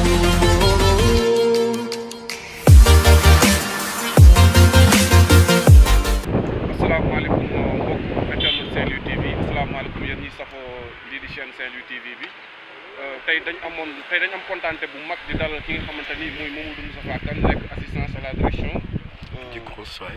asalaamaaleykum mbokk internet Saint-Louis TV asalaamaaleykum yéen ñi safoo lii di chaîne Saint-Louis bi euh, tey dañ amoon tey dañ am kontaante bu mag di dalal ki nga xamante ni mooy Mamadou Moustapha Kane nekk assistant à la direction euh, du gros soir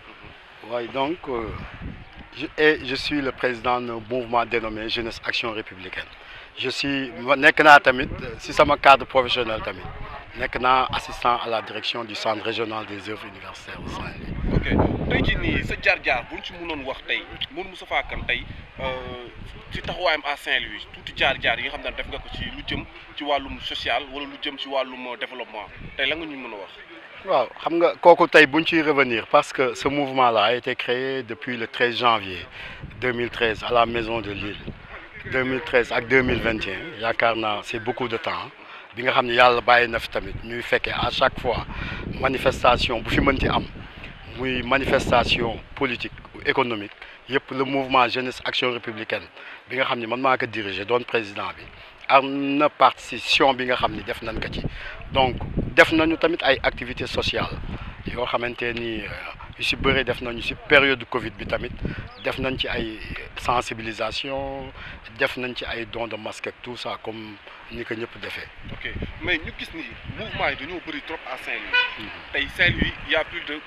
Oui, donc, euh, je, et je suis le président du mouvement dénommé Jeunesse Action Républicaine. Je suis, je suis, tamit mon cadre professionnel tamit nekk assistant à la direction du centre régional des œuvres universitaires au Saint-Louis. ok aujourd'hui, jii nii sa jaar-jaar bu ñu ci mënoon wax tey Modou Moustapha Kane tey euh, ci à Saint-Louis tuuti jaar-jaar yi nga xam ne def nga ko ci lu dans le social wala lu le ci euh, développement tey la nga ñu mën a wax. Je xam nga revenir parce que ce mouvement là a été créé depuis le 13 janvier 2013 à la maison de l'île 2013 à 2021 c'est beaucoup de temps bi nga à chaque fois manifestation bu manifestation politique ou économique le mouvement jeunesse action républicaine bi nga man président bi am na partition bi nga donc def nañu tamit ay activités sociales yo xamante ni euh, yu si bëri def nañu ci période Covid bi tamit def nañ ci ay sensibilisation def nañ ci ay don de masque tout ça comme ni ko ñëpp defee. ok mais ñu gis ni mouvement yi dañoo bëri trop à Saint-Louis. Mhm. tey Saint-Louis y a plus de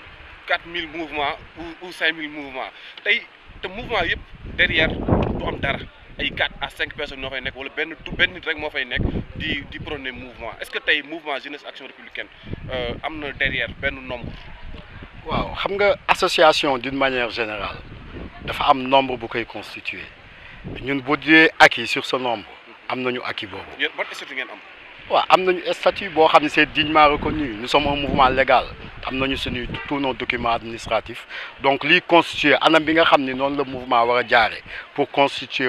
4000 mouvements ou 5000 mouvements tay te mouvement yépp derrière du am dara. Il y a 4 à 5 personnes qui ont fait wala benn tout nit rek mouvement est-ce que un mouvement jeunesse action républicaine euh, derrière un nombre. Wow, xam nga association d'une manière générale a un nombre bu koy constituer ñun nous dee acquis sur ce nombre nous avons acquis boobu. yéen c'est statut ngeen am. Nous avons statut c'est dignement reconnu nous sommes un mouvement légal Nous avons tous nos documents administratifs donc nous constituer anam bi nga mouvement qui pour constituer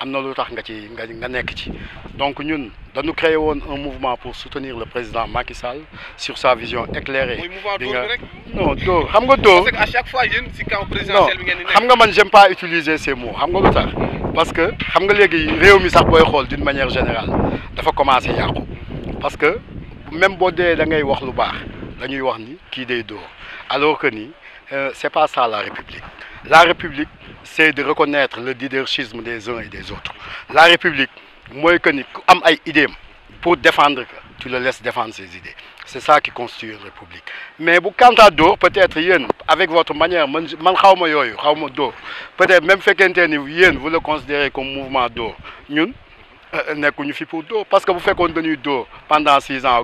am na nga ci nga nekk ci donc ñun dañu créé un mouvement pour soutenir le président Macky Sall sur sa vision éclairée bi nga non dóor xam nga dóor parce que à chaque fois yéen si camp présidentiel bi ngeen di xam nga man j'aime pas utiliser ces mots xam nga lu parce que xam nga léegi réew mi sax booy xool d'une manière générale dafa commencé yàqu parce que même si dee da ngay wax lu baax dañuy wax ni kii day dóor alors que ni euh, c'est pas ça la République la République, c'est de reconnaître le leadership des uns et des autres. La République, moi, pour défendre tu le laisses défendre ses idées c'est ça qui constitue une république mais vous à peut-être avec votre manière je ne sais pas, peut-être même fait' qu'un vous le considérez comme mouvement Nous, euh, nous, nekkuñu fi pour d'or, parce que vous faites contenu d'or pendant six ans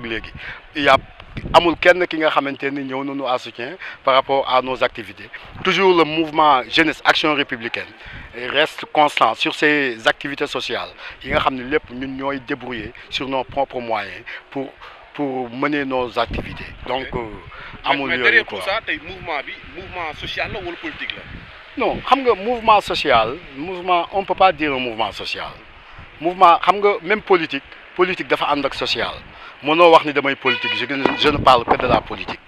il y a amul kenn ki nga xamanteni ñew à soutien par rapport à nos activités toujours le mouvement jeunesse action républicaine reste constant sur ses activités sociales yi nga xamni ñun débrouiller sur nos propres moyens pour pour mener nos activités donc euh, amul yooyu quoi mais derrière tout ça tay mouvement bi mouvement social la wala politique non xam mouvement social mouvement on peut pas dire un mouvement social mouvement xam nga même politique politique dafa ànd ak social mono wax ni damay politique je ne parle que de la politique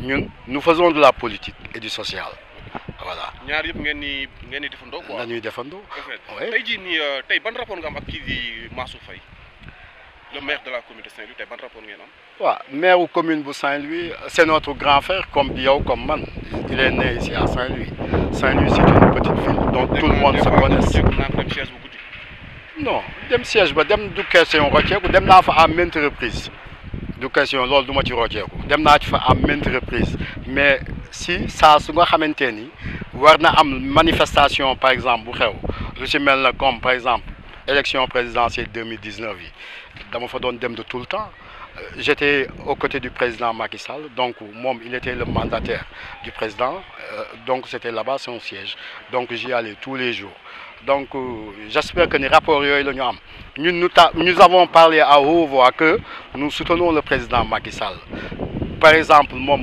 ñun nous faisons de la politique et du social voilà. ñaar yëpp ngeen ni ngeen ni defando quoi dañuy defando oui tey jii nii euh, tey ban rapport nga ak ki di le maire de la commune de Saint-Louis tay ban rapport ngeen am. waaw maire commune bu Saint-Louis c'est notre grand frère comme yow comme man il est né ici à Saint-Louis Saint-Louis c'est une petite ville donc. dem siège ba dem du question rocceeku dem na fa à maintes reprises du question loolu du ma ci rocceeku dem na ci fa à maintes mais si ça su nga xamanteni warna am manifestation par exemple bu xew lu ci mel comme par exemple élection présidentielle 2019 yi dama fa doon dem de tout le temps euh, j'étais aux côtés du président Macky Sall donc il était le mandataire du président euh, donc c'était là-bas son siège donc j'y allais tous les jours donc euh, j'espère que les rapports nous avons parlé à haute voix que nous soutenons le président Macky Sall par exemple moi,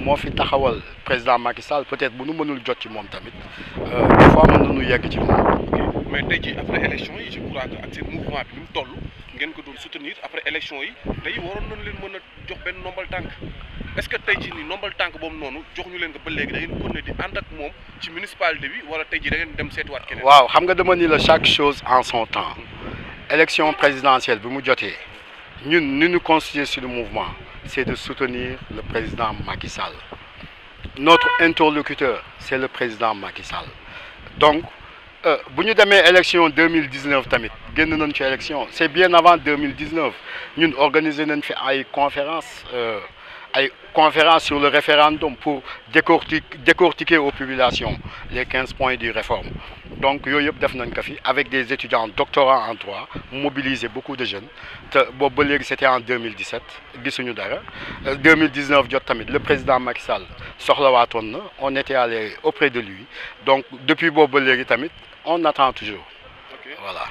président Macky Sall peut-être bu nous mënul ci tamit euh, mais après l'élection, je crois que mouvement après l'élection, nous est-ce que tu jox ñu ko ba di ak chaque chose en son temps élection présidentielle bi mu nous ñun constituer sur le mouvement c'est de soutenir le président Macky Sall notre interlocuteur c'est le président Macky Sall donc euh, bu ñu élection 2019 tamit élection c'est bien avant 2019 nous avons nañ fi ay conférence euh, conférence sur le référendum pour décortiquer aux populations les 15 points de réforme donc avec des étudiants doctorants en droit mobiliser beaucoup de jeunes c'était en 2017 2019 euh, le président Macky Sall on était allé auprès de lui donc depuis Bobolier on attend toujours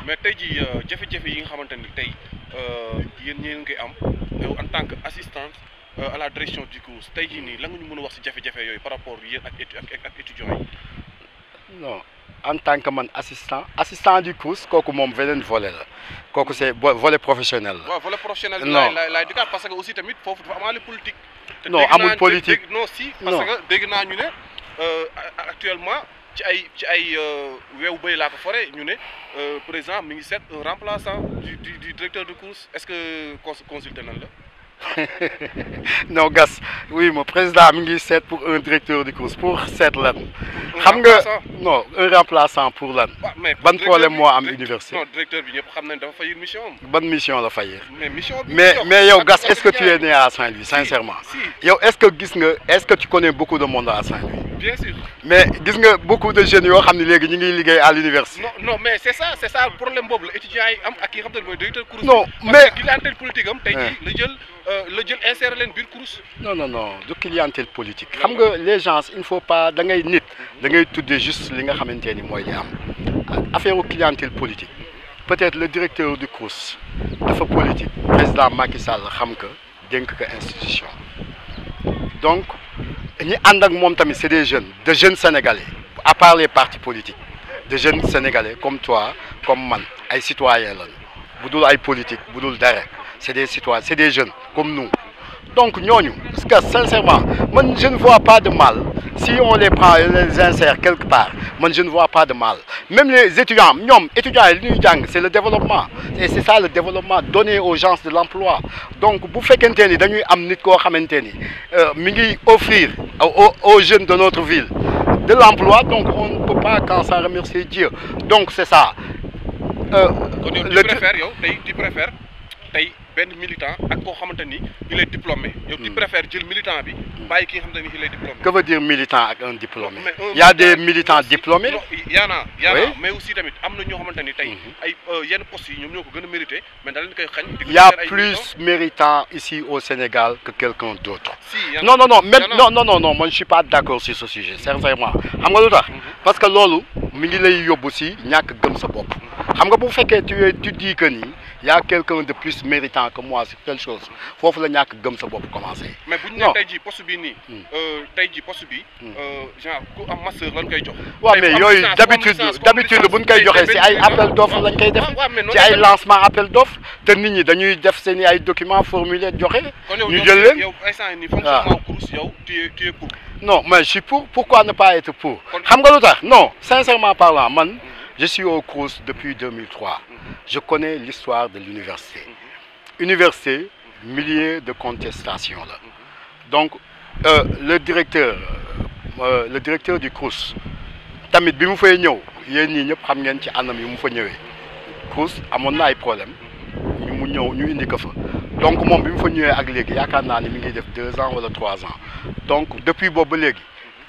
mais aujourd'hui, vous euh, euh, en tant qu'assistante. Euh, à la direction du cours tey jii nii la wax si jafe-jafe yooyu par rapport yéen ak étudiants non en tant que mon assistant assistant du cours kooku moom beneen volé. la kooku c'est volet professionnel la. volet professionnel. non La, laay dikkaat parce que aussi tamit foofu dafa politique. non amul politique non si. parce que dégg naa ñu euh, actuellement. ci ay ci ay euh, weew bëy laa ko fore ñu ne président mi ngi un remplaçant du du directeur de course est-ce que consulté nan la non gas oui mon président a mis 7 pour un directeur de course pour 7 l'année. Un non un remplaçant pour lan. ban problème à am université. non directeur bi ñëpp xam nañ mission Bonne mission la faillir. mais mission mais mais yow gas est-ce que tu es né à Saint-Louis sincèrement. yow est-ce que est-ce que tu connais beaucoup de monde à Saint-Louis bien sûr mais dis nga beaucoup de jeunes qui xam ne à l'université non non mais c'est ça c'est ça problème Les étudiants yi am ak yi nga xam ne directeur cours non mais clientèle politique am tey jii la jël euh, la jël insérer leen biir cours non non non de clientèle politique xam nga les gens il faut pas da ngay nit da ngay de juste li nga tu ni mooy affaire aux clientèle politique peut-être le directeur du de dafa politique président Macky Sall xam y dénk ko institution donc c'est des jeunes des jeunes sénégalais à part les partis politiques des jeunes sénégalais comme toi comme moi, des citoyens des politiques, politique c'est des citoyens c'est des jeunes comme nous donc, sincèrement je ne vois pas de mal si on les prend les insère quelque part je ne vois pas de mal même les étudiants étudiants c'est le développement et c'est ça le développement donner aux gens de l'emploi donc si faites ni dañuy am nit euh, offrir aux jeunes de notre ville de l'emploi donc on ne peut pas quand s'en remercier Dieu donc c'est ça. Euh, tu préfères tu préfères ben militant ak ko xamante ni il est diplômé. Hmm. yow tu préfères jël militant bi. bàyyi ki nga ni il est diplômé. que veut dire militant ak un diplômé. Il y a des militants diplômés. yaana a. mais aussi tamit amna ño ñoo tay ni hmm. ay euh, yenn poste yi ñoom ñoo ko a mérité mais da koy xagn di y a plus méritant ici au Sénégal que quelqu'un d'autre. non non non mais non non non non Moi, je suis pas d'accord sur ce sujet sincèrement xam nga lu hmm. parce que lolu mi ngi lay yóbbu si ñàkk gëm sa bopp. xam nga bu fekkee tu tu dis que ni. Il y a quelqu'un de plus méritant que moi c'est telle chose faut la ñàkk gëm sa bopp commencer. mais bu ñu nee tey jii poste bi nii. Hmm. Euh, tey jii poste bi. Hmm. Euh, genre ku am masseur lan koy jox. mais yo, d'habitude d'habitude bu ñu koy joxee si ay appel d'offre lañ koy def si ay lancement appel d'offre te nit ñi dañuy def seen i ay documents formulé joxe. ñu jël leen yow instant nii ah. fonctionnement CROUS yow tu es tu es pour. non mais je suis pour pourquoi ne pas être pour. xam nga lu tax non sincèrement parlant man hmm. je suis au CROUS depuis 2003 je connais l'histoire de l'université. Université, milliers de contestations. Là. Donc, euh, le directeur, euh, euh le directeur du Crous, tamit bimu fay ñew yeen ñi ñep xam ngeen ci anam yu mu fa ñewé Crous amoon na ay problème ñu mu ñew ñu indi ko fa donc mom bimu fa ñewé ak légui yaakaar naa ni mi ngi def deux ans wala trois ans donc depuis bobu légui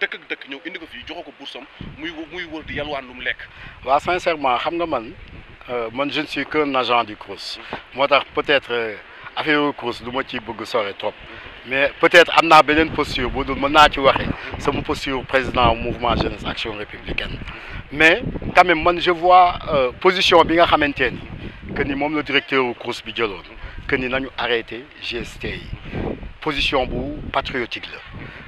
dëkk ak dëkk ñëw indi ko fii joxo ko bursam muy muy wër di yalwaan lu mu lekk. waaw sincèrement xam nga man euh, man je ne suis qu'un agent du CROUS. moo tax peut-être euh, affaire course du ma ci bëgg sore trop. mais peut-être am naa beneen posture boo dul mën naa ci waxee sama posture président mouvement jeunesse action républicaine mais quand même man je vois euh, position bi nga xamante ni que ni moom la directeur u CROUS bi jëloon que ni nañu arrêté GST yi position bu patriotique la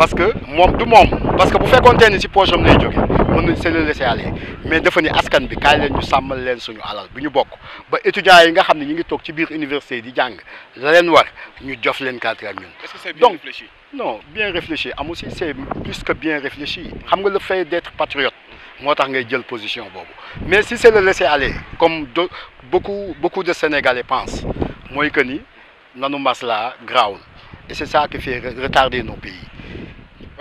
parce que moi tout monde, parce que bu faire ni pour poche am lay on ne sait le laisser aller mais dafa ni askan bi kaay leen ñu sàmmal leen suñu alal bi ñu ba étudiants yi nga xam ne ngi université di la leen war ñu jof leen amis. Donc, est bien réfléchi non bien réfléchi amul c'est plus que bien réfléchi xam nga le fait d'être patriote. moi, tax ngay jël position mais si c'est le laisser aller comme beaucoup beaucoup de Sénégalais pensent mooy que ni nanu maslaa ground. et c'est ça qui fait retarder nos pays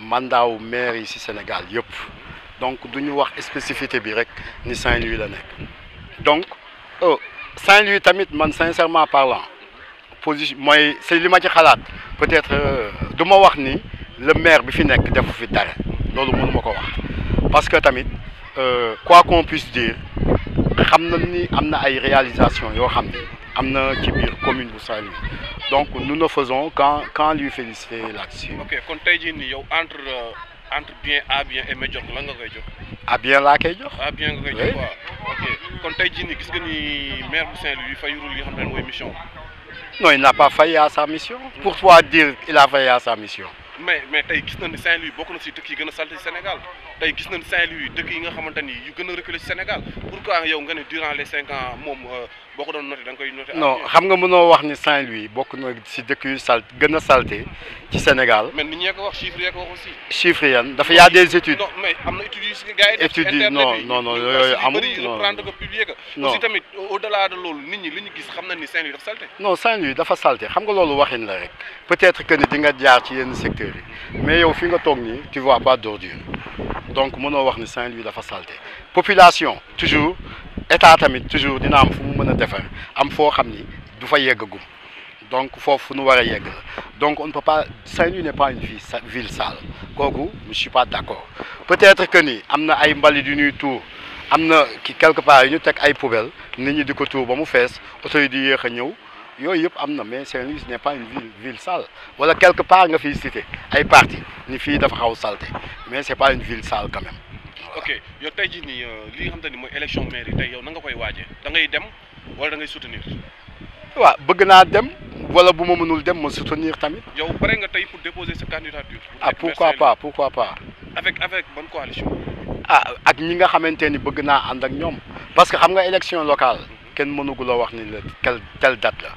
mandat au maire ici au Sénégal yëpp donc nous ñu wax spécificité bi rek ni Saint-Louis la donc euh, Saint-Louis tamit man sincèrement parlant position c'est ce ma ci xalaat peut-être euh, du wax ni le maire bi fi nekk defu fi dara loolu mënu parce que tamit euh, quoi qu'on puisse dire nous avons ni réalisation nous avons une commune bu Saint-Louis donc nous ne faisons qu'en quand lui féliciter là-dessus. ok quand tey jii yow entre euh, entre bien A bien et meilleur lan nga koy jox. A bien laa koy jox. A bien nga koy jox ok quand tey jii nii gis nga ni maire de Saint-Louis fayurul li lui rendre ne mission non il n'a pas failli à sa mission. pourquoi dire il a failli à sa mission. mais mais tey gis na ni Saint-Louis bokk na si dëkk yi gën a salté Sénégal tey gis nañ Saint-Louis dëkk yi nga xamante yu gëna a reculé ci Sénégal pourquoi yow nga ne durant les 5 ans mom euh, boo ko doon noté da koy noté. non xam nga mëno wax ni Saint-Louis bokk na ci dëkk yu sal gëna a salté ci Sénégal. mais nit ñi ko wax chiffre yak wax aussi. chiffre yan dafa ya des études. non mais amna na études yu si gars yi. études yi non non non yooyu amul non non aussi tamit au delà de lolu nit ñi li ñu gis xam nañ ni Saint-Louis dafa salté. non Saint-Louis dafa salté xam nga lolu waxin la rek peut-être que ni di nga jaar ci yenn secteur yi mais yow fi nga toog ni tu vois pas d'ordure donc mon wax ni Saint-Louis dafa salté population toujours état toujours dina am am du donc donc on ne peut pas Saint-Louis n'est pas une ville sale Je je suis pas d'accord peut-être que ni avons ay qui ont des quelque part ñu ay poubelles nit ñi diko ba mu yooyu yëpp am na mais Saint-Louis n'est pas une ville ville sale wala quelque part nga fiy cité ay parti ni fii dafa xaw salté mais c'est pas une ville sale quand même. ok Yo, tey jii nii euh, li nga xamante ni élection maire yi tey yow n'anga nga koy waajee da ngay dem wala da ngay soutenir. Wa, bëgg naa dem wala bu ma mënul dem ma soutenir tamit. yow pare nga tey pour déposer ce candidature. ah pourquoi pas pourquoi pas. avec avec bonne coalition. ah ak ñi nga xamante ni bëgg naa ak ñoom parce que xam nga élection locale kenn mënugu la wax ni la quelle telle date la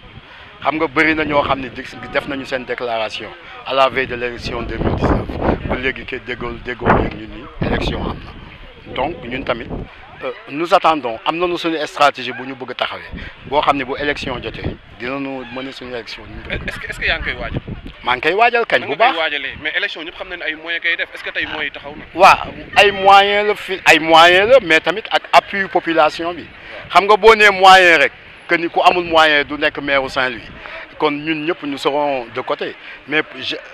xam nga bëri na ñoo xam ne def nañu seen déclaration à la veille de l'élection 2019 ba léegi ke déggoo déggoo léegi ñun ni élection am na donc ñun tamit euh, nous attendons am nañu suñu stratégie bu ñu bëgg a taxawee boo xam ne bu élection jotee dinañu mëne suñu élection. ñu est ce que est ce que yaa ngi koy waajal maa ngi koy waajal bu baax mais élection ñep xam nañ ay moyens kay def est-ce que tay moy taxaw na. wa ay moyens le fi ay moyens le mais tamit ak appui population bi xam nga bo né moyen rek que ni ku amul moyen du nek maire Saint-Louis kon ñun ñep ñu serons de côté mais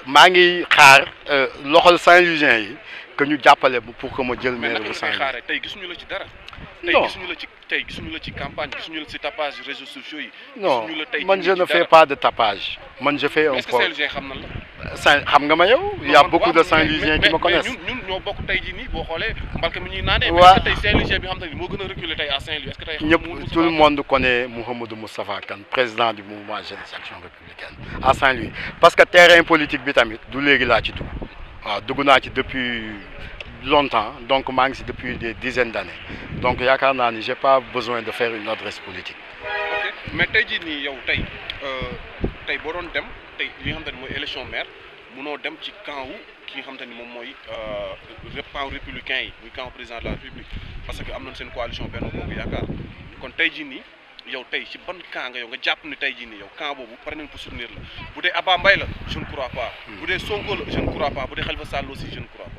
ma ngi xaar euh, loxol Saint-Louisien yi que ñu jappalé pour que ma jël maire Saint-Louis. mais naka la ci dara tey gisuñu la ci tey gisuñu la ci campagne gisuñu la ci tapage réseaux sociaux yi. non man je ne fais pas de tapage. man je fais un est-ce que xam na la. Saint xam nga ma yow. y a beaucoup de Saint-Louisiens qui me connaissent. mais ñun ñoo bokk tey jii nii boo xoolee mbalka mi ñuy naanee. waaw mais est-ce que Saint-Louisien bi xam ne moo gën a reculer tey à Saint-Louis est-ce que tey. ñëpp tout le monde connaît Mouhamadou Moustapha Kane président du mouvement Jeunesse Action Républicaine à Saint-Louis parce que terrain politique bi tamit du léegi laa ci dugg waaw dugg ci depuis longtemps, donc manque depuis des dizaines d'années. Donc yaakaar naa ni j'ai pas besoin de faire une adresse politique. mais tey jii nii yow tey euh, tey boo doon dem tey li nga xamante élection maire munoo dem ci camp wu ki nga le euh, camp républicain yi camp président de la République parce que am nañ une coalition Benno Bokk Yaakaar kon tey jii nii yow tey ci ban camp nga yow nga jàpp ni tey jii yow camp boobu pare pour soutenir la bu dee Abba Mbaye la je ne crois pas. Hmm. bu dee Sonko je ne crois pas bu dee Khalifa Sall aussi je ne crois pas.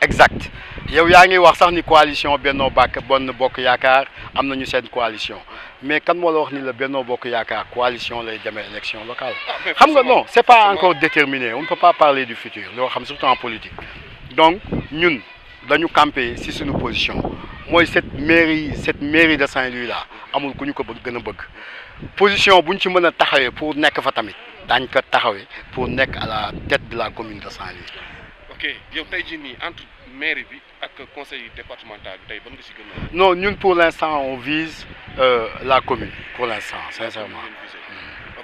exact yow yaa ngi wax sax ni coalition Benno Bokk Bonn Bokk Yaakaar am cette coalition mais kan moo la wax ni la Benno Bokk Yaakaar coalition lay demee élection locale ah, xam nga non c'est pas encore déterminé on ne peut pas parler du futur loo xam surtout en politique donc ñun dañu camper ci suñu position Moi cette mairie cette mairie de Saint-Louis là amul ku ko bëgg gën bëgg position bu ñu ci pour nek fa tamit daañ ko pour nek à la tête de la commune de Saint-Louis ok yow tey jii entre mairie et ak conseil départemental bi tey non nous pour l'instant on vise euh, la commune pour l'instant, sincèrement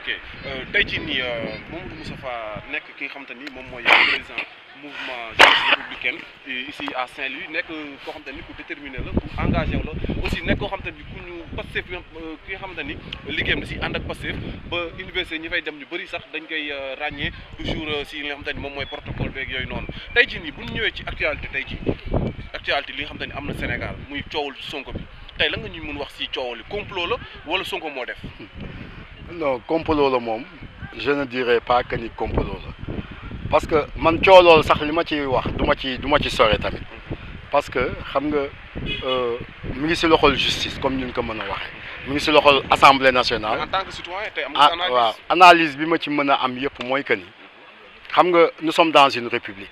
ok euh, tey ni, nii euh, Mamadou Moustapha nekk ki nga xamante ni moom mooy président mouvement jeunesse républicaine euh, ici à Saint-Louis nek ko xamante ni ku déterminé la ku engagé wu aussi nek ko xamante ni ku ñu Pastef ki nga xamante ni liggéeyam na ak Pastef ba université ñi fay dem ñu bari sax dañ koy ragné toujours si li nga xamante ni moom protocole beeg yoy non tey jii nii bu ñu ñëwee ci actualité tey jii actualité li nga xamante ni Sénégal muy ciowul Sonko bi tay la nga ñu mun wax ci ciowul yi complot la wala Sonko mo def non je ne dirais pas que ni complot parce que man sax ci wax parce que xam nga euh, mi justice comme ñun ko mi assemblée nationale en tant que citoyen tay am ah, analyse waaw analyse ci que nous sommes dans une république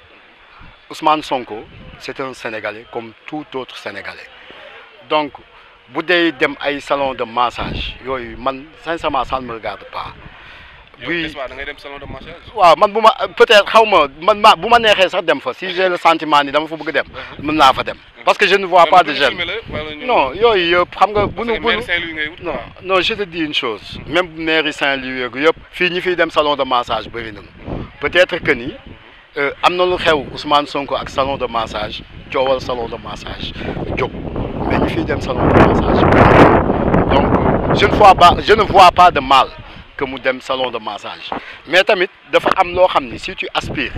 Ousmane Sonko c'est un sénégalais comme tout autre sénégalais donc bu dem ay salon de massage yooyu man sincèrement ça ne me regarde pas. Oui. da dem salon de massage. man peut-être xaw man ma bu sax dem fa si j'ai le sentiment ni dama fa bëgg dem. Uh-huh. mën fa dem parce que je ne vois pas de jeunes. non yooyu yëpp xam nga. bu nu non non je te dis une chose. même mairie Saint-Louis yeeg fini fini ñi dem salon de massage bëri peut-être que ni euh, am na lu xew Ousmane Sonko ak salon de massage coowal salon de massage jóg bénéfice d'un salon de massage. Donc, je ne, vois pas, je ne vois pas de mal que mu dem salon de massage mais tamit dafa am loo xam si tu aspires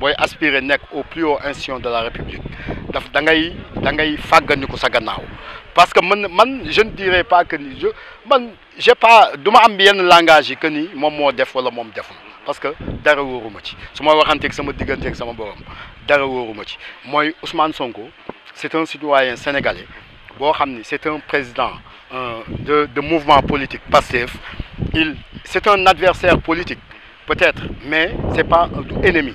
booy aspirer nekk au plus haut institution de la république daf da ngay da ngay fàgganiku sa parce que man man je ne dirais pas que ni je man j'ai pas de ma am yenn langage que ni moom moo def wala mom def parce que dara wóoruma ci suma waxante ak sama ak sama borom dara wóoruma ci moy Ousmane Sonko c'est un citoyen sénégalais c'est un président de mouvement politique passif, il c'est un adversaire politique peut-être mais c'est pas un ennemi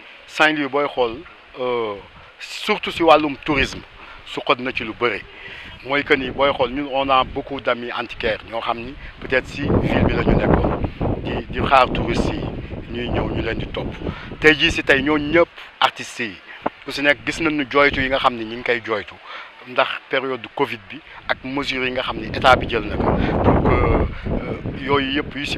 saint euh, surtout si tourisme ce na ci lu Nous moy que ni ñun on a beaucoup d'amis antiquaires peut-être si ville bi la di di touristes ñuy ñu leen di artistes yi ku si nekk gis nañu Covid bi ak mesures nga pour euh, que euh, yooyu yëpp yu si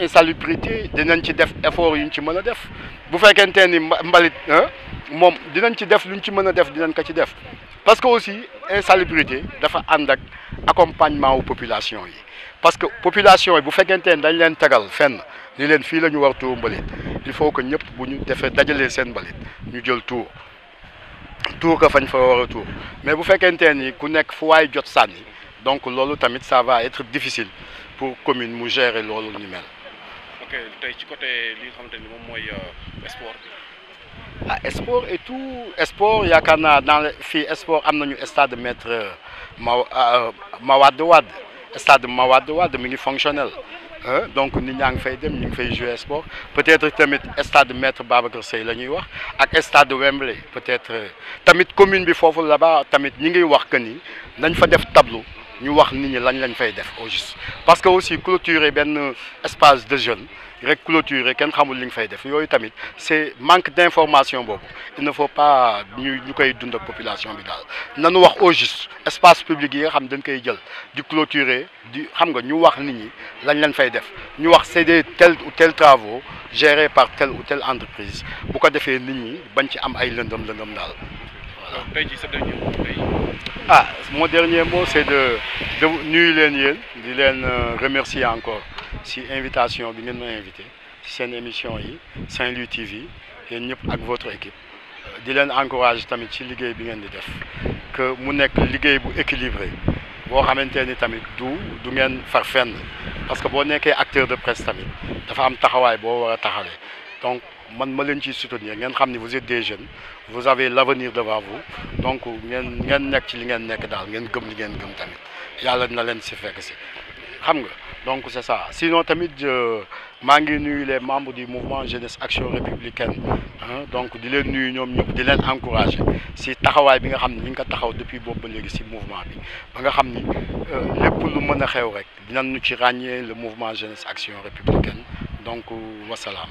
insalubrité dinañ ci def effort yuñ ci mëna def bu fekkente ni mbalit hein, mom dinañ ci def luñ ci mëna def dinañ ko ci def parce que aussi insalubrité dafa ànd ak accompagnement wu population yi parce que population yi bu fekkente dañ leen tegal fenn ni leen fii la ñu war tuur mbalit il faut que ñëpp bu ñu defee dajalee seen mbalit ñu jël tout tuur ko fañ fa war a tuur mais bu fekkente ni ku nekk fu waay jot sànni donc loolu tamit ça va être difficile pour commune mu gérer loolu ni mel Qu'est-ce que côté euh, ah, et tout dans stade maître euh, euh, stade fonctionnel hein? donc nous avons nous fay dem jouer peut-être tamit stade maître Babacar de et stade Wembley peut-être tamit commune bi là-bas tamit ñi ngi wax que nous wax nit ñi lañ lañ fay def au juste parce que aussi clôturer ben espace de jeunes rek clôturer ken xamul li nga fay def yoyu tamit c'est manque d'information bobu il ne faut pas ñu ñu koy dund ak population bi dal nanu wax au juste espace public yi nga xam dañ koy jël di clôturer di xam nga ñu wax nit ñi lañ lañ fay def ñu wax c'est des tel ou tel travaux gérés par tel ou tel entreprise bu ko defee nit ñi bañ ci am ay lëndëm lëndëm dal ah, mon dernier mot, c'est de, de euh, remercier encore si invitation bi invité C'est une émission c'est Saint-Louis TV et votre équipe Je euh, encourage tamit ci que mu nekk équilibré vous parce que vous êtes acteur de presse donc man ma leen ciy soutenir ngeen xam ni vous êtes des jeunes vous avez l'avenir devant vous donc ngeen ngeen nekk ci li ngeen nekk daal ngeen gëm li ngeen gëm tamit yàlla na leen si fekk si xam nga donc c'est ça sinon tamit maa ngi nuyu les membres du mouvement jeunesse action républicaine hein, donc di leen nuyu ñoom ñëpp di leen encourager si taxawaay bi nga xam ne ñu ngi ko taxaw depuis boobu ba léegi si mouvement bi ba nga xam ni euh, lépp lu mën a xew rek dinañu ci ràññee le mouvement jeunesse action républicaine donc euh, wasalaam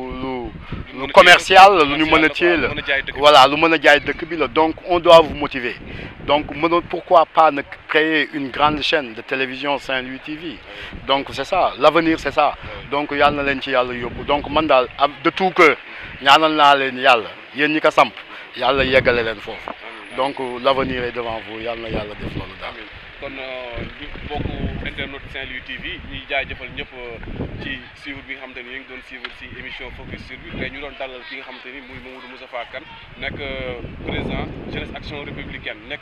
Le commercial le monétier, le monétier de donc on doit vous motiver donc pourquoi pas créer une grande chaîne de télévision Saint-Louis TV donc c'est ça l'avenir c'est ça donc il y a ci donc man de tout que ñaanal naa leen yàlla yéen ñi ko samp de yeggale leen donc l'avenir est devant vous il na a def kon euh, ñu bokku internet Saint-Louis TV ñuy jaajëfal ñëpp euh, ci suivre bi nga xamante ni yéen ngi doon suivre ci émission focus sur bi tey ñu doon dalal bi nga xamante ni muy Mamadou Moustapha Kane nekk euh, président jeunesse action républicaine nekk